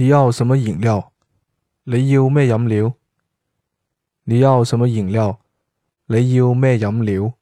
你要什麼飲料？你要咩飲料？你要什麼飲料？你要咩飲料？